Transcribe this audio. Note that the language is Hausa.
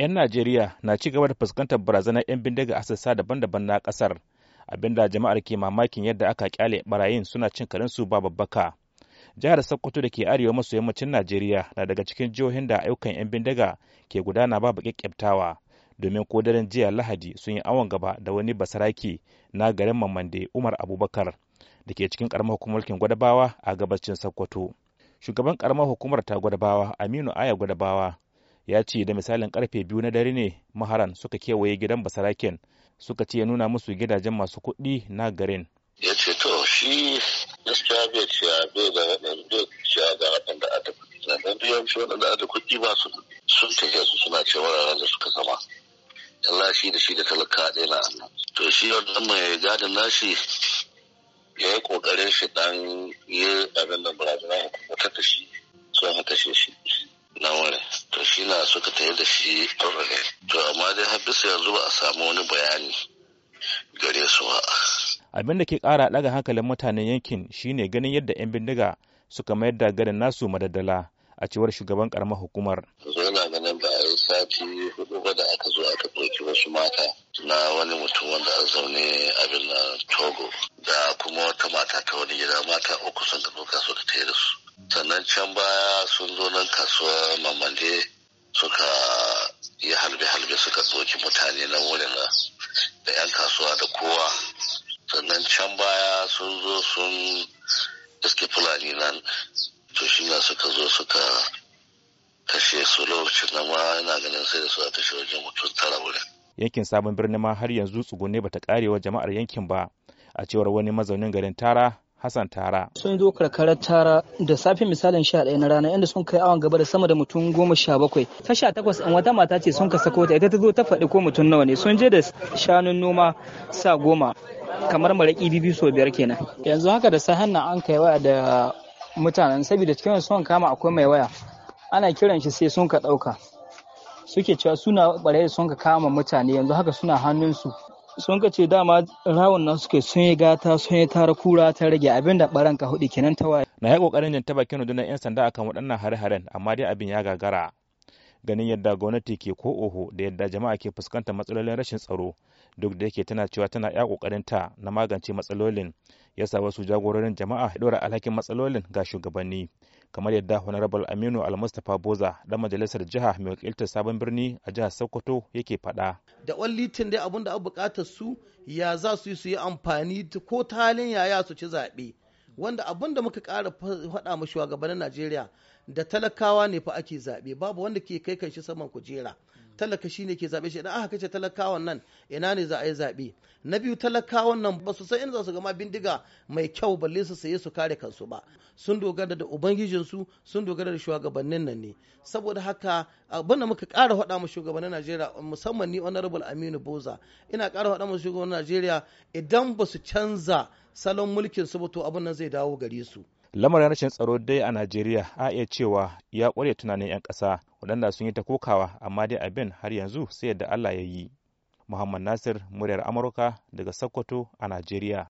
'yan najeriya na ci gaba da fuskantar barazanar 'yan bindiga a sassa daban-daban na kasar abinda jama'ar ke mamakin yadda aka kyale barayin suna cin su ba babbaka jihar sokoto da ke arewa maso yammacin najeriya na daga cikin jihohin da ayyukan 'yan bindiga ke gudana ba baƙi domin ko daren jiya lahadi sun yi awon gaba da wani basaraki na garin mamande umar abubakar da ke cikin karamar hukumarkin gwadabawa a gabacin sokoto shugaban karamar hukumar ta gwadabawa aminu aya gwadabawa ya ce da misalin karfe biyu na dare ne maharan suka kewaye gidan basaraken suka ce ya nuna musu gidajen masu kuɗi na garin ya ce to shi gaskiya bai ciya bai ga bai ciya ga waɗanda a da kuɗi na dan yawanci waɗanda a da kuɗi ba su sun tafiya su suna ce wararen da suka zama Allah shi da shi da talaka ɗaya na to shi wannan mai gadin nashi ya yi ƙoƙarin shi ɗan yi abin da barazana kuma ta da shi suka tafi da shi aurale to amma dai har bisa yanzu ba a samu wani bayani gare su ba abin da ke ƙara ɗaga hankalin mutanen yankin shine ganin yadda 'yan bindiga suka mayar da garin nasu madaddala a cewar shugaban karamar hukumar. Yana ganin ba a yi sati hudu ba da aka zo aka ɗauki wasu mata na wani mutum wanda a zaune abin na Togo da kuma wata mata ta wani gida mata uku sun ka ɗauka ta yi da su. Sannan can baya sun zo nan kasuwar Mamande suka yi halbe-halbe suka tsoki mutane na wurin ah, da 'yan kasuwa da kowa sannan can baya sun zo sun iske fulani nan to shi na suka zo suka kashe su lokacin na ma yana ganin sai da su a tashi wajen mutum tara wurin. yankin sabon birni ma har yanzu tsugune bata karewa jama'ar yankin ba a cewar wani mazaunin garin tara Hassan Tara. Sun zo karkarar Tara da safe misalin sha ɗaya na rana inda sun kai awon gaba da sama da mutum goma sha bakwai. Ta sha takwas in wata mata ce sun ka sako ta ita ta zo ta faɗi ko mutum nawa ne sun je da shanun noma sa goma kamar maraƙi bibi so biyar kenan. Yanzu haka da sahan nan an kai waya da mutanen saboda cikin sun kama akwai mai waya ana kiran shi sai sun ka ɗauka. suke cewa suna ɓarayi sun ka kama mutane yanzu haka suna hannunsu sun ka ce dama rawun nan suke sun yi gata sun yi tara kura ta rage abin da baran ka hudu kenan ta waye na yi kokarin jin ta bakin rundunar yan sanda akan waɗannan hare-haren amma dai abin ya gagara ganin yadda gwamnati ke ko oho da yadda jama'a ke fuskantar matsalolin rashin tsaro duk da yake tana cewa tana ya ta na magance matsalolin ya sa wasu jagororin jama'a dora alhakin matsalolin ga shugabanni kamar yadda honorable aminu almustapha boza dan majalisar jiha mai wakiltar sabon birni a jihar sokoto yake faɗa. da wani litin dai abun da abu bukatar su ya za su yi su yi amfani ko talin yaya su ci zaɓe wanda abin da muka ƙara faɗa mu shugabannin Najeriya da talakawa ne fa ake zaɓe babu wanda ke kai kanshi saman kujera talaka shi ne ke zaɓe shi idan aka kace talakawan nan ina ne za a yi zaɓe na biyu talakawan nan ba su san in za su gama bindiga mai kyau balle su saye su kare kansu ba sun dogara da ubangijinsu sun dogara da shugabannin nan ne saboda haka abinda muka ƙara faɗa mu shugabannin Najeriya musamman ni honorable Aminu Boza ina ƙara faɗa mu shugabannin Najeriya idan ba su canza salon mulkin su ba to abin nan zai dawo gare su lamarin rashin tsaro dai a najeriya a iya cewa ya ƙware tunanin 'yan ƙasa waɗanda sun yi ta kokawa amma dai abin har yanzu sai yadda allah ya yi muhammad nasir muryar amurka daga sokoto a najeriya